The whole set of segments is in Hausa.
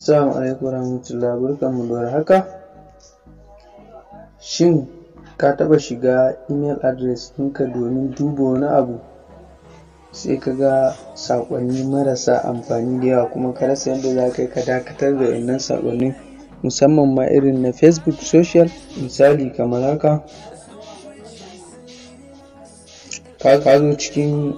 Assalamu alaikum warahmatullahi barkanmu da haka Shin ka taɓa shiga email address ɗinka domin duba wani abu sai ka ga saƙonni marasa amfani da yawa kuma ka rasa yadda za ka yi ka dakatar da wannan saƙonni musamman ma irin na Facebook social misali kamar haka. Ka zo cikin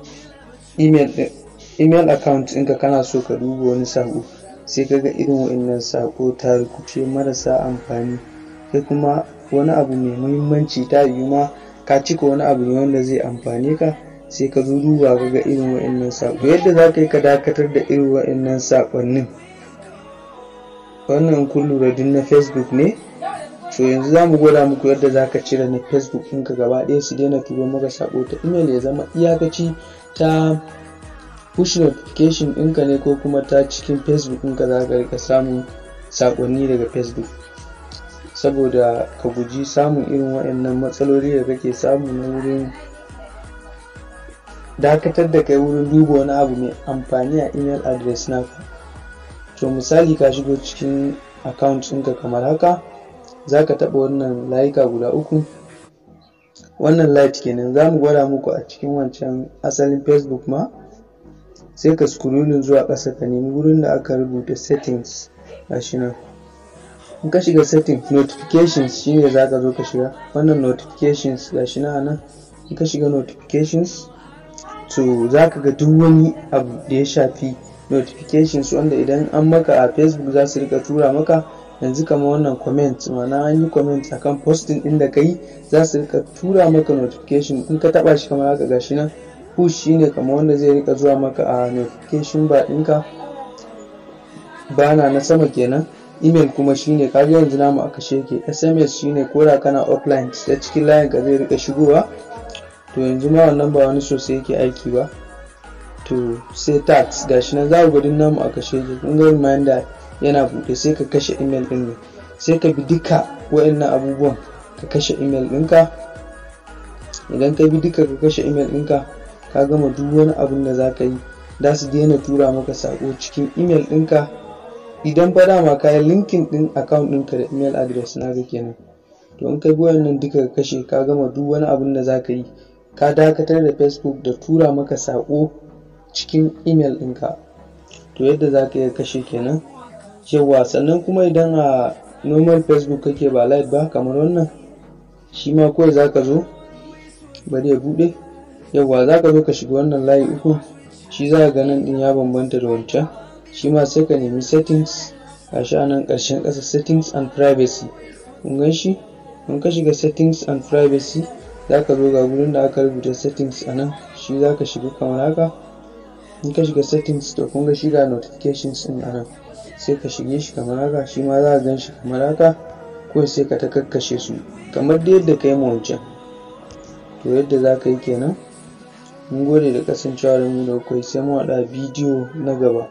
email account ɗinka kana so ka duba wani saƙo. sai kaga irin wa'annan sako ta rukuce marasa amfani sai kuma wani abu mai muhimmanci ta yiwu ma ka cika wani abu ne wanda zai amfane ka sai ka zo duba ka ga irin wa'annan sako yadda za ka yi ka dakatar da irin wa'annan saƙonnin. wannan kun lura duk na facebook ne to yanzu za mu gwada muku yadda za ka cire na facebook ɗinka gaba ɗaya su daina turo maka sako ta email ya zama iyakaci ta push notification ɗinka ne ko kuma ta cikin facebook ɗinka za ka rika samun saƙonni daga facebook saboda ka guji samun irin waɗannan matsaloli da kake samu na wurin dakatar da kai wurin duba wani abu mai amfani a email address naka to misali ka shigo cikin account ɗinka kamar haka za ka taɓa wannan layuka guda uku wannan light kenan za mu gwada muku a cikin wancan asalin facebook ma sai ka scrolling zuwa ƙasa ka nemi wurin da aka rubuta settings shi nan in ka shiga settings notifications shine za ka zo ka shiga wannan notifications shi nan nan in ka shiga notifications to za ka ga duk wani abu da ya shafi notifications wanda idan an maka a facebook za su rika tura maka yanzu kama wannan comment ma'ana an yi comment akan posting din da ka yi za su rika tura maka notification in ka taba shi kamar haka gashi nan push shine kamar wanda zai rika zuwa maka a notification ba ɗinka bana na sama kenan email kuma shine kaga yanzu namu a kashe sms shine koda kana offline ta cikin layin ka zai rika shigowa to yanzu ma wannan ba wani sosai yake aiki ba to sai tax gashi nan za ku gudun namu a kashe kun ga reminder yana buɗe sai ka kashe email ɗin ne sai ka bi duka wa'annan abubuwan ka kashe email ɗinka idan ka bi duka ka kashe email ɗinka ka gama duk wani abin da za ka yi da su daina tura maka sako cikin imel ɗinka idan ba da ma yi linkin ɗin account ɗinka da imel address ga kenan to in kai bi nan duka kashe ka gama duk wani abin da za ka yi ka dakatar da facebook da tura maka sako cikin imel ɗinka to yadda za ka iya kashe kenan cewa sannan kuma idan a normal facebook kake ba live ba kamar wannan shi ma kawai za ka zo bari ya buɗe yauwa za ka zo ka shiga wannan layi uku shi za ka ganin din ya bambanta da wancan shi ma sai ka nemi settings a shi a nan ƙarshen ƙasa settings and privacy kun gan shi in ka shiga settings and privacy za ka zo ga gurin da aka rubuta settings a nan shi za ka shiga kamar haka in ka shiga settings to kun ga shiga notifications din a nan sai ka shige shi kamar haka shi ma za ka gan shi kamar haka ko sai ka ta kakkashe su kamar da yadda ka yi ma wancan to yadda za ka yi kenan Mun gode da kasancewa da mu da kuka sai mun haɗa bidiyo na gaba.